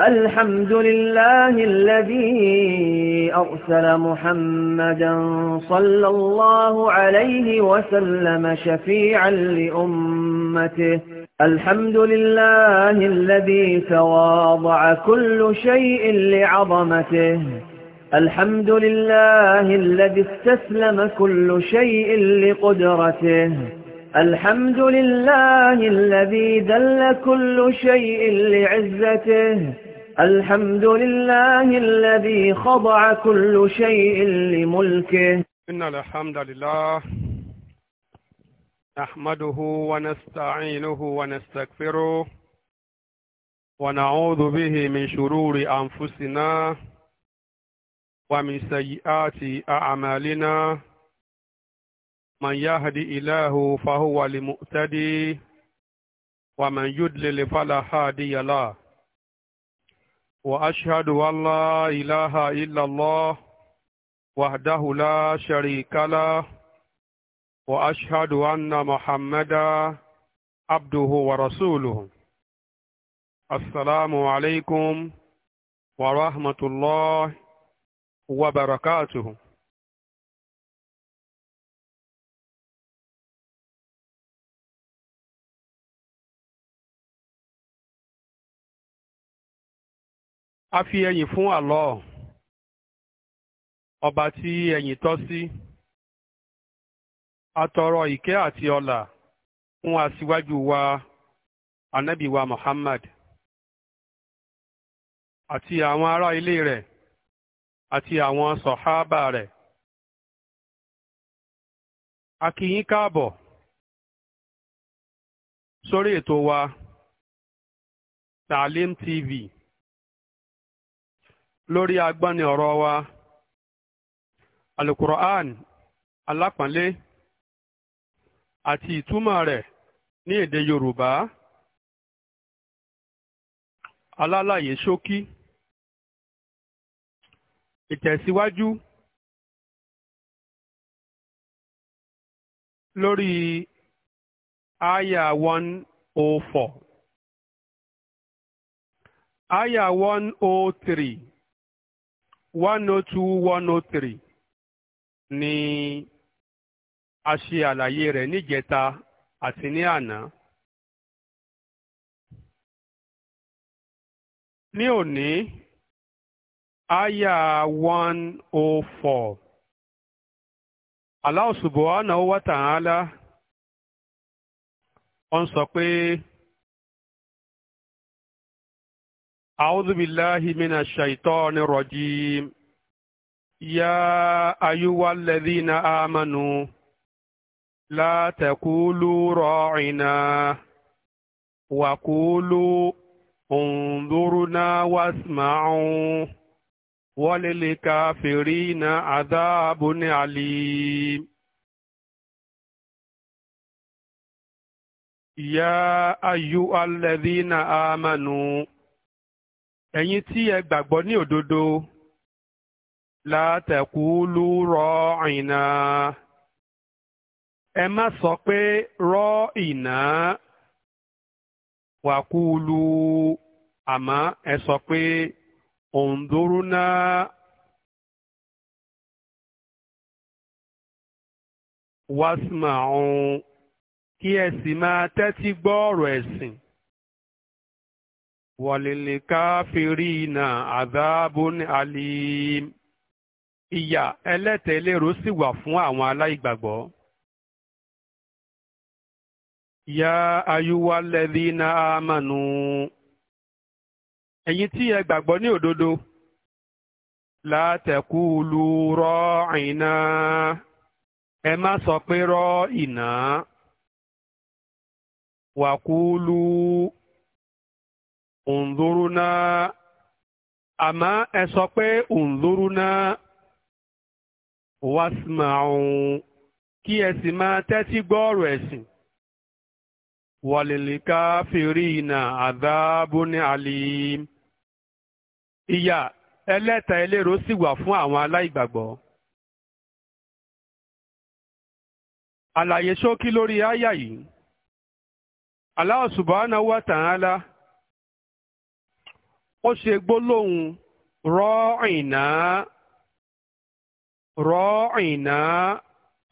الحمد لله الذي أرسل محمدا صلى الله عليه وسلم شفيعا لأمته الحمد لله الذي تواضع كل شيء لعظمته الحمد لله الذي استسلم كل شيء لقدرته الحمد لله الذي دل كل شيء لعزته الحمد لله الذي خضع كل شيء لملكه إن الحمد لله نحمده ونستعينه ونستغفره ونعوذ به من شرور أنفسنا ومن سيئات أعمالنا من يهدي إله فهو لمؤتدي ومن يدلل فلا هادي له وأشهد أن لا إله إلا الله وحده لا شريك له وأشهد أن محمدا عبده ورسوله السلام عليكم ورحمة الله وبركاته a fi ẹyin fún àlọ ọba tí ẹyin tọ sí atọrọ ike àti ọlà fún aṣíwájú wa anabiwa wa Muhammad àti àwọn ará ilé rẹ àti àwọn sọ̀hábà rẹ a kí yín káàbọ̀ sórí ètò wa Taalim TV. lórí agbọ́ni ọ̀rọ̀ wa alukur'an alápọ̀nlé àti ìtumọ̀ rẹ̀ ní èdè yorùbá alálàyé ṣókí ìtẹ̀síwájú lórí aya one oh four Oh oh ni a ṣe àlàyé rẹ ní niashialyerengeta atiniana nonie aya 104 àná oh alausu sọ pé أعوذ بالله من الشيطان الرجيم يا أيها الذين آمنوا لا تقولوا راعنا وقولوا انظرنا واسمعوا وللكافرين عذاب عليم يا أيها الذين آمنوا Eyin tí ẹ gbàgbọ́ ní òdodo látẹ̀kùlù rọ ìnà ẹ má sọ pé rọ ìnà lu àmọ́ ẹ sọ pé òǹdórúná. wàsímà ọ̀hún kí ẹ sì máa tẹ́tí gbọ́ ọ̀rọ̀ ẹ̀sìn. wàlìlìkáfìrínà àdábùn alim ìyà ẹlẹ́tẹ̀ẹ́lérò sì wà fún àwọn aláìgbàgbọ́. ya ayuwa lẹ́dí ayúwálẹ́dínà àmànù ẹ̀yin tí ẹ gbàgbọ́ ní òdodo látẹ̀kùlù rọ́ ìná ẹ má sọ pé rọ́ ìná wàkúlù. òǹdórúná àmà ẹ sọ pé òǹdórúná wàsímàún kí ẹ sì máa tẹ́tí gbọ́ọ̀rọ̀ ẹ̀sìn wàlìlíkà fìrìnà àdábóní àlìm ìyà ẹlẹ́ta ẹlẹ́rọ sì wà fún àwọn aláìgbàgbọ́. àlàyé ṣókí lórí àyà yìí Allah subhanahu wa ta'ala ó ṣe gbólóhùn rọ rọ́ọ̀ìnà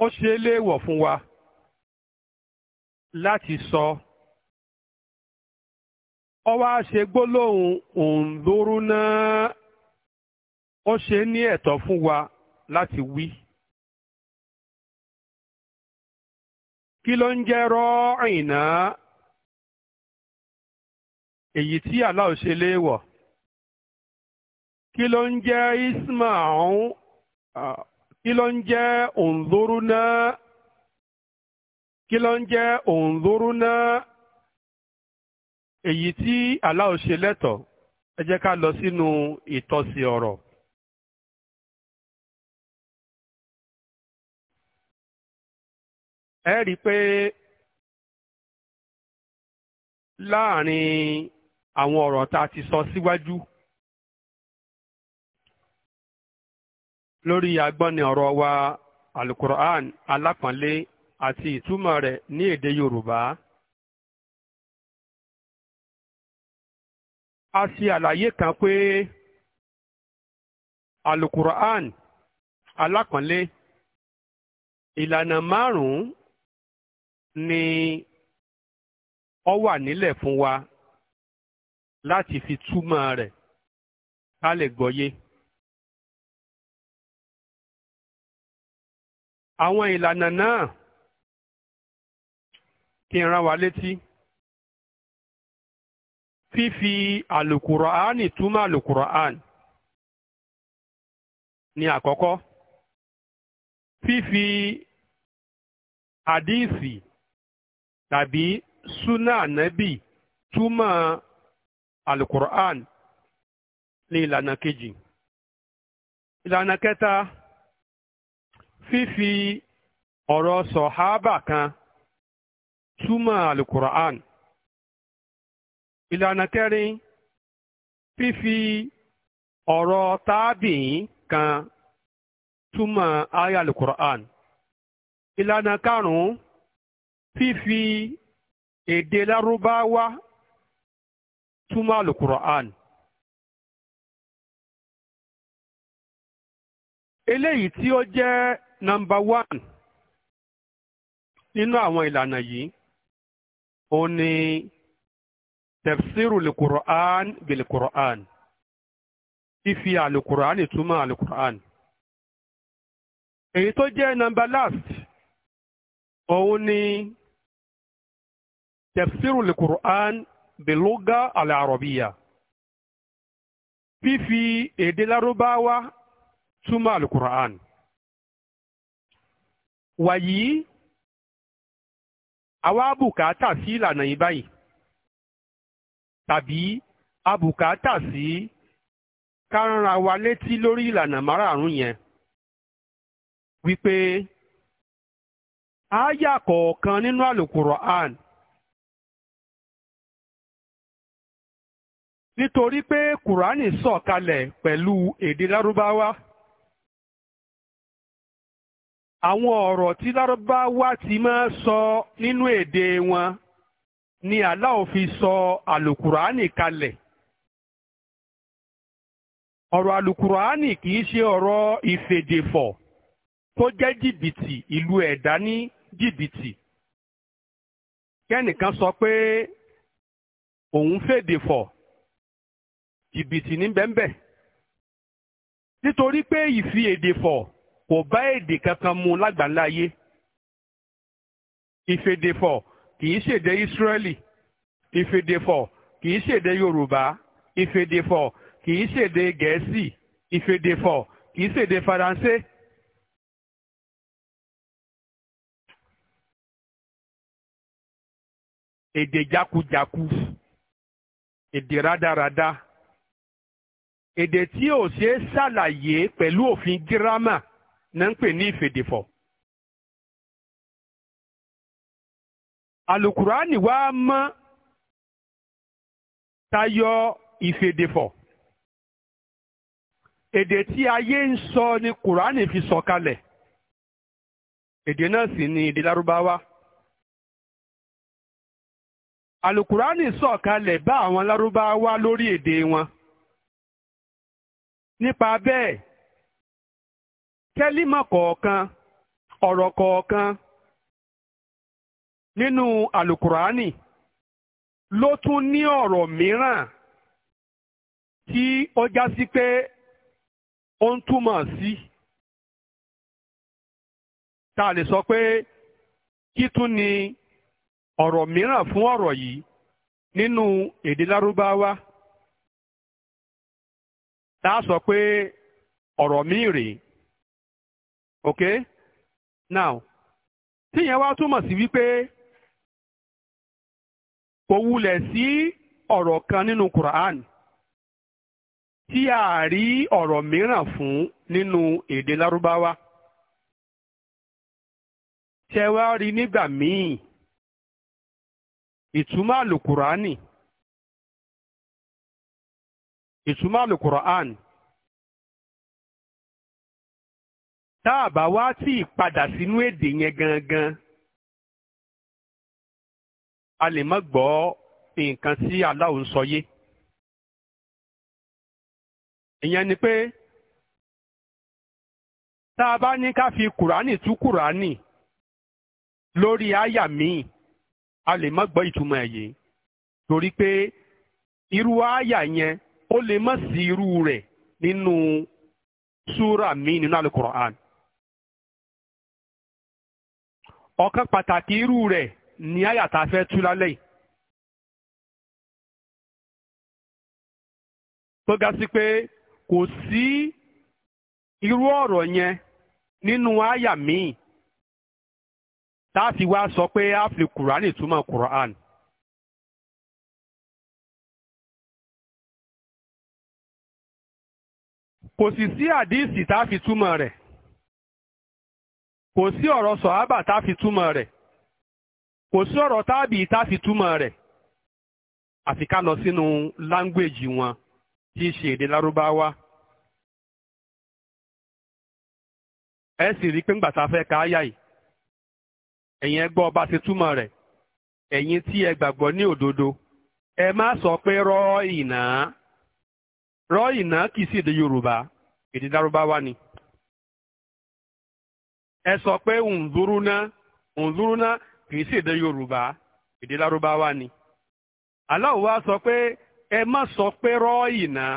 ó ṣe léèwọ̀ fún wa láti sọ ó wá ṣe gbólóhùn náà ó ṣe ní ẹ̀tọ́ fún wa láti wí. kí ló ń jẹ́ rọ rọ́ọ̀ìnà èyí tí Allah ṣe léèwọ̀. kí ló ń jẹ́ isma ọ̀hún kí ló ń jẹ́ òǹdóró náà kí ló ń jẹ́ òǹdóró èyí tí aláwo ṣe lẹ́tọ̀ ẹ jẹ́ ká lọ sínú ìtọ́sí ọ̀rọ̀. ẹ rí i pé láàrin àwọn ọ̀rọ̀ tá a ti sọ síwájú. Si lórí agbọ́ni ọ̀rọ̀ wa alukur'an alápọ̀nlé àti ìtumọ̀ rẹ̀ ní èdè yorùbá. a ṣe àlàyé kan pé alukur'an alápọ̀nlé ìlànà márùn-ún ni ọ wà nílẹ̀ fún wa láti fi túmọ̀ rẹ̀ ká lè gbọ́yé. àwọn ìlànà náà kí n rán wa létí fífi àlùkùránì túmọ̀ àlùkùránì ní àkọ́kọ́ fífi àdíìsì tàbí súnà ànábì túmọ̀ àlùkùránì ní ìlànà kejì ìlànà kẹta. fífi ọ̀rọ̀ sọ̀hábà kan túmọ̀ alukur'an ìlànà kẹrin fífi ọ̀rọ̀ tábìín kan túmọ̀ aya alukur'an ìlànà karùn-ún fífi èdè lárúbáwá túmọ̀ alukur'an. eléyìí tí ó jẹ́ Number one nínú àwọn ìlànà yìí ó ní tafsiru lukur'an bilukur'an fífi àlùkùránì túmọ̀ àlùkùránì èyí tó jẹ́ nọ́mbà last òun ni tafsiru lukur'an biluga alarabiya fífi èdè lárúbáwá túmọ̀ àlùkùránì. wàyí àwa bùkátà sí ìlànà yìí báyìí tàbí abùkátà sí ká ránra wa létí lórí ìlànà márààrún yẹn wípé àáyà kọ̀ọ̀kan nínú àlùkùránì nítorí pé kùránì sọ̀kalẹ̀ pẹ̀lú èdè lárúbáwá. àwọn ọ̀rọ̀ tí lárúbáwá ti máa sọ nínú èdè wọn ni Allah fi sọ àlùkùránì kalẹ̀ ọ̀rọ̀ àlùkùránì kì í ṣe ọ̀rọ̀ ìfèdèfọ̀ tó jẹ́ jìbìtì ìlú ẹ̀dá ní jìbìtì kẹ́nìkan sọ pé òun fèdèfọ̀ jìbìtì ní bẹ́ńbẹ́ nítorí pé ìfi èdè fọ̀ kò bá èdè kankan mu lágbàńlá ayé ìfèdèfọ̀ kìí ṣèdè Ísírẹ́lì ìfèdèfọ̀ kìí ṣèdè Yorùbá ìfèdèfọ̀ kìí ṣèdè Gẹ̀ẹ́sì ìfèdèfọ̀ kìí ṣèdè Faransé. èdè jákujàku èdè rádaràda èdè tí ò ṣeé ṣàlàyé pẹ̀lú òfin gírámà náà ń pè ní ìfèdèfọ̀. àlùkùránì wá mọ́ tayọ ìfèdèfọ̀. èdè tí ayé ń sọ ni kùránì fi sọ kalẹ̀. èdè náà sì ni èdè lárúbáwá. àlùkùránì sọ kalẹ̀ bá àwọn lárúbáwá lórí èdè wọn. nípa bẹ́ẹ̀ kẹ́límọ̀ kọ̀ọ̀kan ọ̀rọ̀ kọ̀ọ̀kan nínú alukurani ló tún ní ọ̀rọ̀ mìíràn tí ó já sí pé ó ń túmọ̀ sí tá a lè sọ pé kí tún ni ọ̀rọ̀ mìíràn fún ọ̀rọ̀ yìí nínú èdè lárúbáwá tá a sọ pé ọ̀rọ̀ mìíràn. ok now tí yẹn wá túmọ̀ sí wípé kò wulẹ̀ sí ọ̀rọ̀ kan nínú Quran tí a rí ọ̀rọ̀ mìíràn fún nínú èdè lárúbáwá ṣe wá rí nígbà míì ìtumọ̀ àlùkùránì ìtumọ̀ àlùkùránì. tá a bá wá tí ì padà sínú èdè yẹn gangan a lè má gbọ́ nǹkan tí Allah ń sọ yé ìyẹn ni pé tá a bá ní ká fi kùránì tú kùránì lórí àyà míì a lè má gbọ́ ìtumọ̀ ẹ̀ yìí torí pé irú àyà yẹn ó lè má sí irú rẹ̀ nínú súrà míì nínú Al-Qur'an. Ọkan pàtàkì irú rẹ̀ ní àyàtà fẹ́ tú lálẹ́ yìí. tó ga sí pé kò sí irú ọ̀rọ̀ yẹn nínú àyà míì fi wá sọ pé a fi kùránì túmọ̀ kùránì. kò sì sí àdíìsì tá a fi túmọ̀ rẹ̀. kò sí ọ̀rọ̀ sọ̀hábà tá a fi túmọ̀ rẹ̀ kò sí ọ̀rọ̀ tábì tá a fi túmọ̀ rẹ̀ àfi ká lọ sínú láńgbèjì wọn tí í ṣe èdè lárúbáwá. ẹ sì rí i pé ńgbà tá a fẹ́ ka áyà yìí ẹ̀yin ẹ ọba ti túmọ̀ rẹ̀ ẹ̀yin tí ẹ gbàgbọ́ ní òdodo ẹ má sọ pé rọ́ ìná rọ́ ìná kì í sí èdè yorùbá èdè lárúbáwá ni. ẹ sọ pé ǹdúrúná ǹdúrúná kì í sì èdè yorùbá èdè lárúbáwá ni. aláwo wa sọ pé ẹ má sọ pé rọ́ọ̀yì náà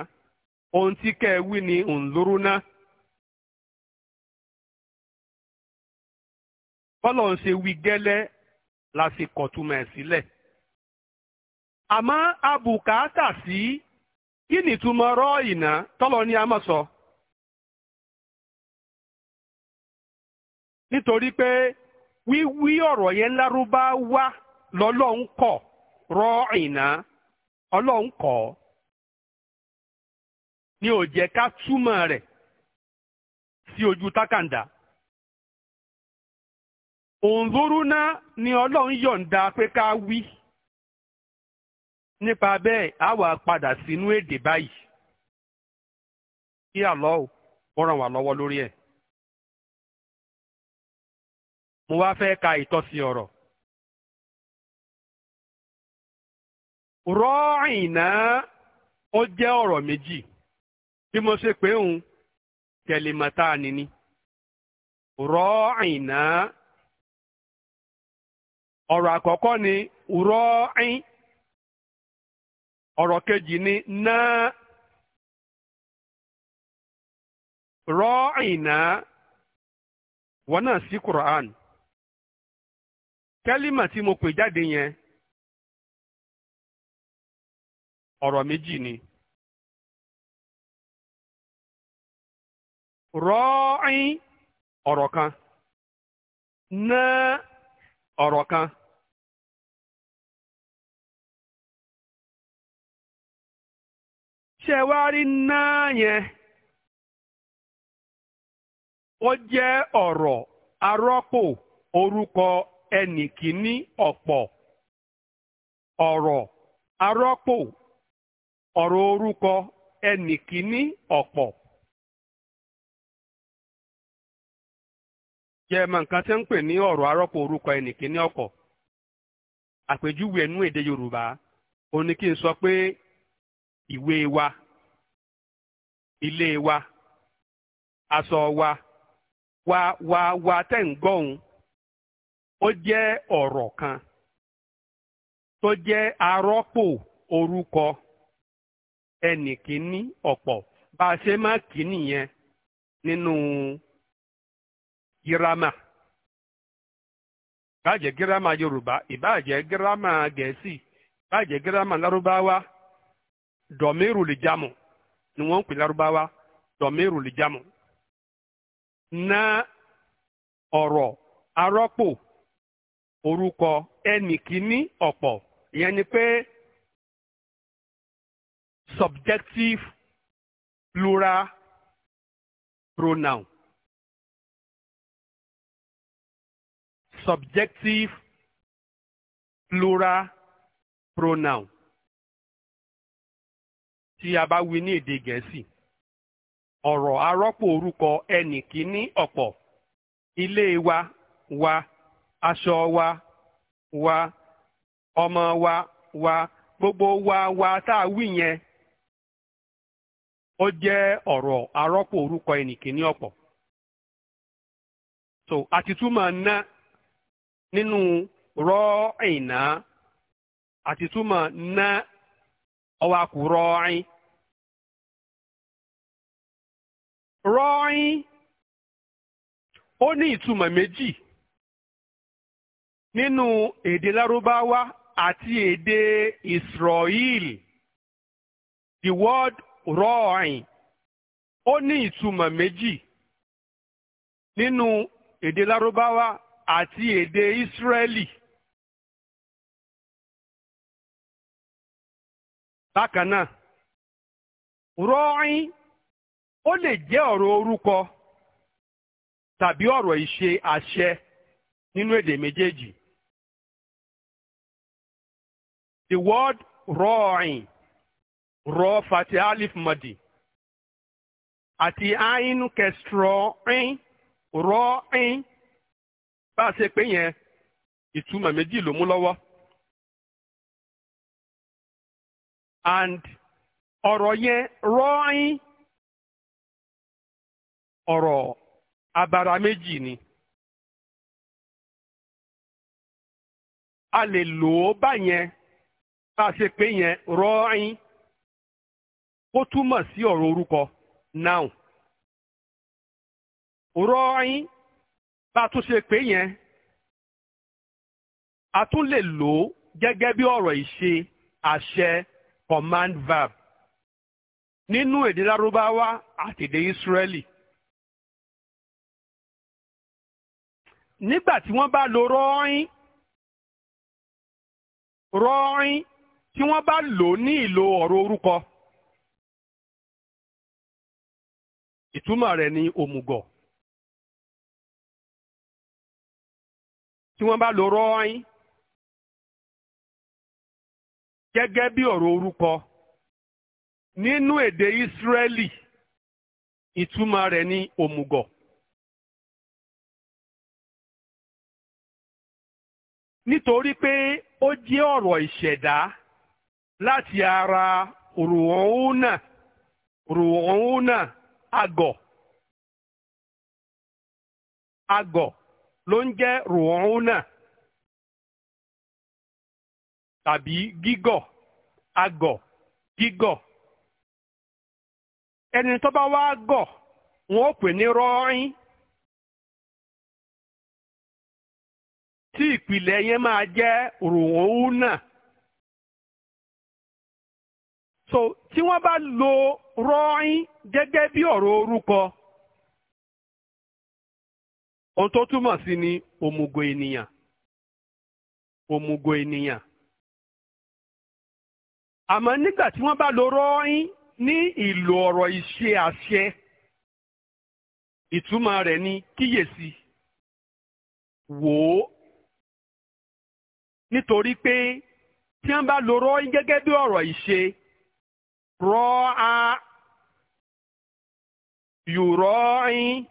ohun tí kẹ́ ẹ wí ni ǹdúrúná. bọ́lọ̀ ń ṣe wí gẹ́lẹ́ la sì kọ̀túmọ̀ ẹ̀ sílẹ̀. àmọ́ abùkátà sí kí nìtumọ̀ rọ́ọ̀yì náà tọ́lọ ni a máa sọ. So. nítorí pé wíwí ọ̀rọ̀ yẹn lárúbáwá lọ́lọ́run kọ̀ rọ ìná ọlọ́run ni ò jẹ́ ká túmọ̀ rẹ̀ sí ojú tákàndá. òǹdúrúná ni ọlọ́run yọ̀ǹda pé ká wí nípa bẹ́ẹ̀ á wà padà sínú èdè báyìí kí àlọ́ ò wọ́n ràn wá lọ́wọ́ lórí ẹ̀. mo wá fẹ́ ka ìtọ́sí ọ̀rọ̀. rọ́ọ̀ìnà ó jẹ́ ọ̀rọ̀ méjì bí mo ṣe pé òun kẹlẹ́mọ̀tà nìní. rọ́ọ̀ìnà ọ̀rọ̀ àkọ́kọ́ ni rọ́ọ̀ìn ọ̀rọ̀ kejì ni náà. rọ́ọ̀ìnà wọ́n náà sí Quran. kẹ́límà tí mo pè jáde yẹn ọ̀rọ̀ méjì ni. rọ́ọ̀ín ọ̀rọ̀ kan ná ọ̀rọ̀ kan. ṣé wá rí náà yẹn ó jẹ́ ọ̀rọ̀ arọ́pò orúkọ ẹnì kìíní ọ̀pọ̀ ọ̀rọ̀ arọ́pò ọ̀rọ̀ orúkọ ẹnì kìíní ọ̀pọ̀. jẹ́ mọ̀ nǹkan tí ń pè ní ọ̀rọ̀ arọ́pò orúkọ ẹnì kìíní ọ̀pọ̀ àpèjúwe ẹnu èdè Yorùbá ó ní kí n sọ pé ìwé wa ilé wa aṣọ wa wa wa wa tẹ̀ ń gbọ́hùn ó jẹ́ ọ̀rọ̀ kan tó jẹ́ arọ́pò orúkọ ẹnìkíní ọ̀pọ̀ bá a ṣe máa kì nìyẹn nínú gírámà ìbáàjẹ́ gírámà yorùbá ìbáàjẹ́ gírámà gẹ̀ẹ́sì gírámà lè jámù ni wọ́n ń pè na ọ̀rọ̀ arọ́pò orúkọ ẹnì kìíní ọ̀pọ̀ ìyẹn ni pé subjective plural pronoun subjective plural pronoun tí a bá wí ní èdè gẹ̀ẹ́sì ọ̀rọ̀ arọ́pò orúkọ ẹnì ọ̀pọ̀ ilé wa wa aṣọ wa wa ọmọ wa wa gbogbo wa wa tá a wí yẹn ó jẹ́ ọ̀rọ̀ arọ́pò orúkọ ẹnìkíní ọ̀pọ̀ so àtitúmọ̀ ná nínú rọ́ ìná àtitúmọ̀ ná ọwọ́ àkù rọ́ọ̀ín rọ́ọ̀ín ó ní ìtumọ̀ méjì. nínú èdè lárúbáwá àti èdè Israel the word rọ́ọ̀ìn ó ní ìtumọ̀ méjì nínú èdè lárúbáwá àti èdè Israeli. Bákan náà, "roin" ó lè jẹ́ ọ̀rọ̀ orúkọ tàbí ọ̀rọ̀ ìṣe àṣẹ nínú èdè méjèèjì. The word roaring, ro fati alif madi. Àti ainu kestroin, roaring. Bá a ṣe pé yẹn, ìtumọ̀ méjì ló mú lọ́wọ́. And ọ̀rọ̀ yẹn roaring ọ̀rọ̀ abara méjì ni. A lè lò ó báyẹn bá a ṣe pé yẹn rọ́ọ̀ín ó túmọ̀ sí ọ̀rọ̀ orúkọ noun rọ́ọ̀ín bá a tún ṣe pé yẹn a tún lè lò ó gẹ́gẹ́ bí ọ̀rọ̀ ìṣe àṣẹ command verb nínú èdè lárúbáwá àti èdè Ísírẹ́lì. nígbà tí wọ́n bá lo rọ́ọ̀ín rọ́ọ̀ín tí wọ́n bá lò ní ìlò ọ̀rọ̀ orúkọ. ìtumọ̀ rẹ̀ ni òmùgọ̀. tí wọ́n bá lò rọ́ọ̀yìn gẹ́gẹ́ bí ọ̀rọ̀ orúkọ nínú èdè Ísírẹ́lì ìtumọ̀ rẹ̀ ni òmùgọ̀. nítorí pé ó jẹ́ ọ̀rọ̀ ìṣẹ̀dá. láti ara rùwọ̀nà rùwọ̀nà àgọ̀ àgọ̀ ló ń jẹ́ rùwọ̀nà tàbí gígọ̀ àgọ̀ gígọ̀ ẹni tó bá wá gọ̀ wọn ó pè ní rọ́ọ̀rín. tí ìpìlẹ̀ yẹn máa jẹ́ so tí wọ́n bá lo rọ́ọ̀ín gẹ́gẹ́ bí ọ̀rọ̀ orúkọ ohun tó túmọ̀ sí ni òmùgọ̀ ènìyàn òmùgọ̀ ènìyàn àmọ́ nígbà tí wọ́n bá lo rọ́ọ̀ín ní ìlò ọ̀rọ̀ ìṣe àṣẹ ìtumọ̀ rẹ̀ ni kíyèsí wò ó nítorí pé tí wọ́n bá lo rọ́ọ̀ín gẹ́gẹ́ bí ọ̀rọ̀ ìṣe راعى يراعي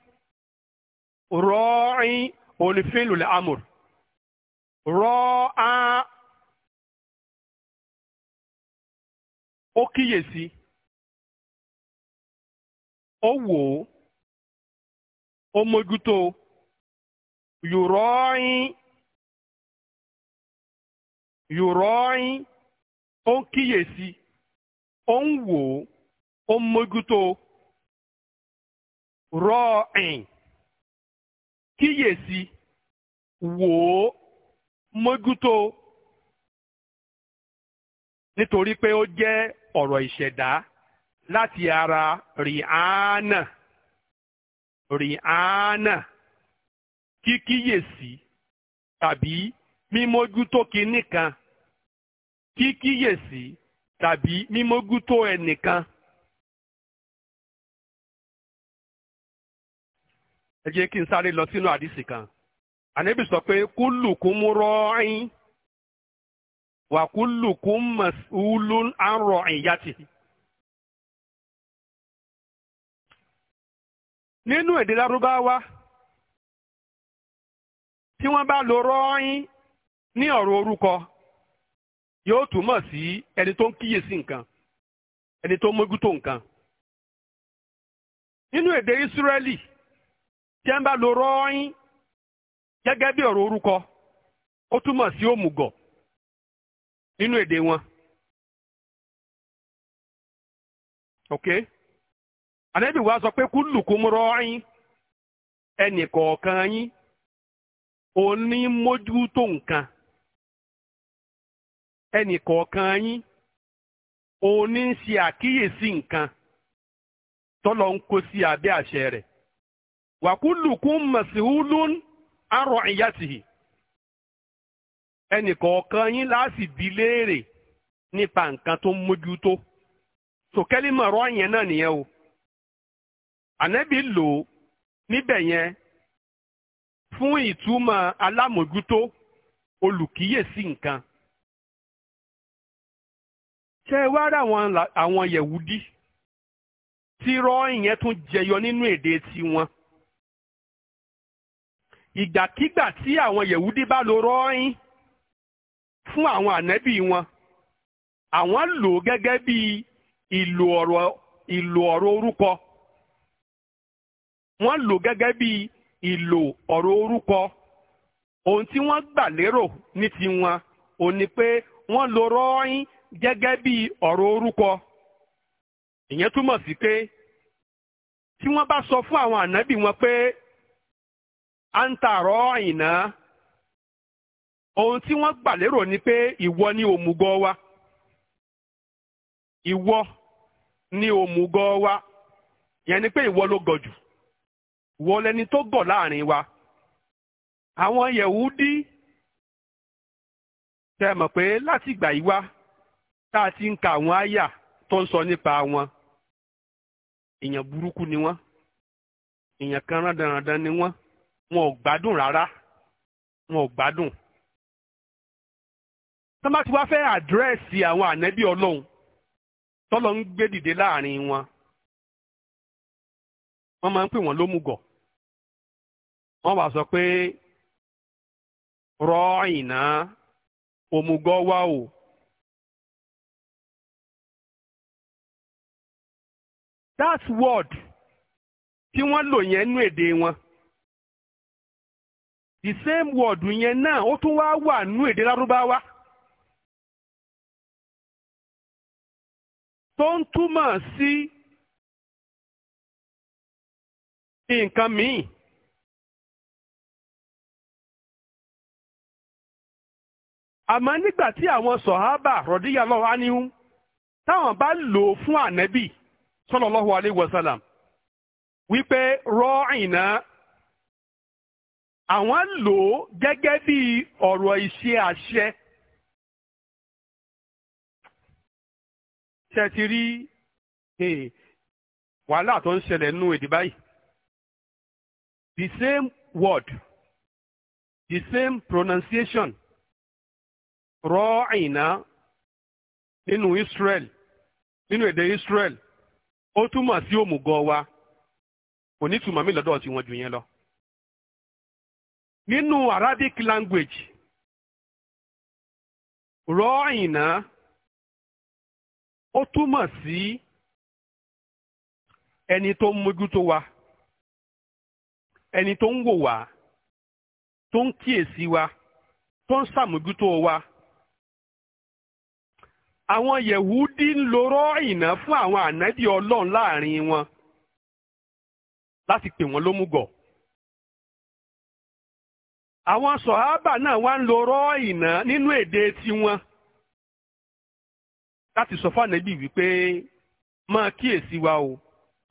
راعي والفعل الأمر راعى ó kíyèsí ó wò ó ó ó ń wò ó ń mójútó nítorí pé ó jẹ́ ọ̀rọ̀ ìṣẹ̀dá láti ara rìhánà rìhánà kíkíyèsí tàbí mímójútó kinní kan kíkíyèsí tàbí mímójútó ẹnìkan. ẹ jẹ́ kí n sáré lọ sínú àdìsí kan ànábì sọ pé kúlùkùn rọ́ọ̀ín wà kúlùkùn mọ̀sùlùm àrọ̀ ìyàtì. nínú èdè lárúbáwá tí wọ́n bá lo rọ́ọ̀ín ní ọ̀rọ̀ orúkọ yóò túmọ̀ sí ẹni tó ń kíyèsí nǹkan ẹni tó ń mójútó nǹkan. nínú èdè Ísírẹ́lì tí ń bá lo rọ́ọ̀yìn gẹ́gẹ́ bí ọ̀rọ̀ orúkọ ó túmọ̀ sí òmùgọ̀ nínú èdè wọn. wa sọ pé kúlùkùn rọ́ọ̀yìn ẹnì kọ̀ọ̀kan yín òní nǹkan. ẹnì kọ̀ọ̀kan yín òun ní ṣe àkíyèsí nǹkan tọ́lọ ń kó sí abẹ́ àṣẹ rẹ̀ wàkúlùkún mọ̀síhúlún arọ ìyàtìhì ẹnì yín láti léèrè nípa nǹkan tó ń mójútó sòkẹ́lì mọ̀rọ̀ yẹn náà nìyẹn o fún ìtumọ̀ alámòjútó olùkíyèsí nǹkan. ṣé ẹ wá rà àwọn yẹ̀wúdí tí rọ́ọ̀yìn yẹn tún jẹyọ nínú èdè tiwọn ìgbàkígbà tí àwọn yẹ̀wúdí bá lo rọ́ọ̀yìn fún àwọn ànẹ́bí wọn àwọn lò ó gẹ́gẹ́ bí ìlò ọ̀rọ̀ ìlò ọ̀rọ̀ orúkọ wọ́n lò gẹ́gẹ́ bí ìlò ọ̀rọ̀ orúkọ ohun tí wọ́n gbà lérò ní tiwọn ò ní pé wọ́n lo rọ́ọ̀yìn gẹ́gẹ́ bí ọ̀rọ̀ orúkọ ìyẹn túmọ̀ sí pé tí wọ́n bá sọ fún àwọn ànábì wọn pé à ń tààrọ̀ àyìnà ohun tí wọ́n gbà lérò ni pé ìwọ ni òmùgọ́ wa ìwọ ni òmùgọ́ wa yẹn ni pé ìwọ ló gọ̀ jù ìwọ lẹni tó gọ̀ láàrin wa àwọn Yẹ̀wúdí tẹ́ mọ̀ pé láti gbà yìí wá tá a ti ń ka àwọn àyà tó ń sọ nípa wọn èèyàn burúkú ni wọn. èèyàn kan rádaràdan ni wọn. wọn ò gbádùn rárá wọn ò gbádùn. tọ́mọ tí wàá fẹ́ àdírẹ́sì àwọn ànẹ́bí ọlọ́run tọ́lọ́ ń gbé dìde láàrin wọn wọ́n máa ń pè wọ́n lómùgọ̀ wọ́n wàá sọ pé rọ́ọ̀yìn náà òmùgọ̀ wá o. that word tí wọ́n lò yẹn nú èdè wọn the same word yẹn náà ó tún wá wà nú èdè lárúbáwá tó ń túmọ̀ sí nǹkan míì. àmọ́ nígbà tí àwọn sọ̀hábà rọ̀díyà lọ́wọ́ á níhú táwọn bá lò ó fún ànẹ́bì. sallallahu alayhi wa sallam wípé rọ́ọ̀ìnà àwọn lò ó gẹ́gẹ́ bí ọ̀rọ̀ ìṣe àṣẹ. ṣe ti rí eh, wàhálà tó ń ṣẹlẹ̀ nínú èdè báyìí the same word the same pronunciation rọ́ọ̀ìnà nínú Israel nínú èdè Israel ó túmọ̀ sí òmùgọ̀ wa kò ní túmọ̀ mí lọ́dọ̀ tí wọ́n ju yẹn lọ. nínú Arabic language rọ́ọ̀yìnà ó túmọ̀ sí ẹni tó ń mójútó wa ẹni tó ń wò wá tó ń kíyèsí wa tó ń ṣàmójútó wa àwọn yẹ̀wúdí ń lo rọ́ọ̀ìnà fún àwọn ànábì ọlọ́run láàrin wọn láti pè wọ́n lómùgọ̀. àwọn sọ̀hábà náà wá ń lo rọ́ọ̀ìnà nínú èdè tiwọn láti sọ fún ànábì wípé máa kíyèsí wa o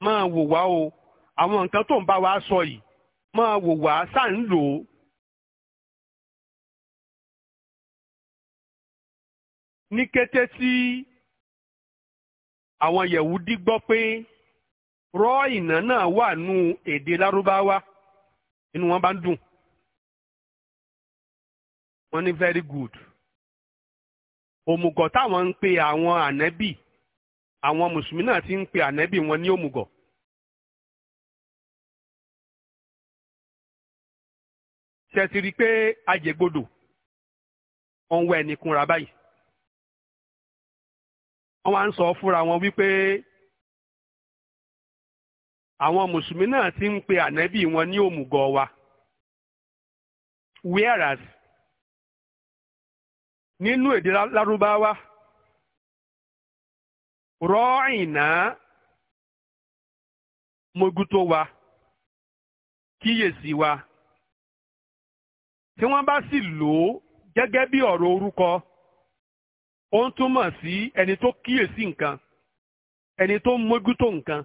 máa wò wá o àwọn nǹkan tó ń wa sọ yìí máa wò wá sáà ń lò ní kété tí àwọn yẹ̀wúdí gbọ́ pé rọ́ ìnà náà wà nù èdè lárúbáwá inú wọn bá ń dùn wọ́n ní very good òmùgọ̀ táwọn ń pe àwọn ànẹ́bì àwọn mùsùlùmí náà ti ń pe ànẹ́bì wọn ní òmùgọ̀. ṣe ti rí i pé ajẹ́gbodò ọ̀nwẹ́ ẹnì kúnra báyìí. wọ́n wá ń sọ fúnra wọn wípé àwọn mùsùlùmí náà ti ń pe ànábì wọn ní òmùgọ̀ wa whereas nínú èdè lárúbáwá rọ́ọ̀ìnà mogútó wa kíyèsí wa tí wọ́n bá sì lò ó gẹ́gẹ́ bí ọ̀rọ̀ orúkọ. ó ń túmọ̀ sí ẹni tó kíyèsí nǹkan ẹni tó mójútó nǹkan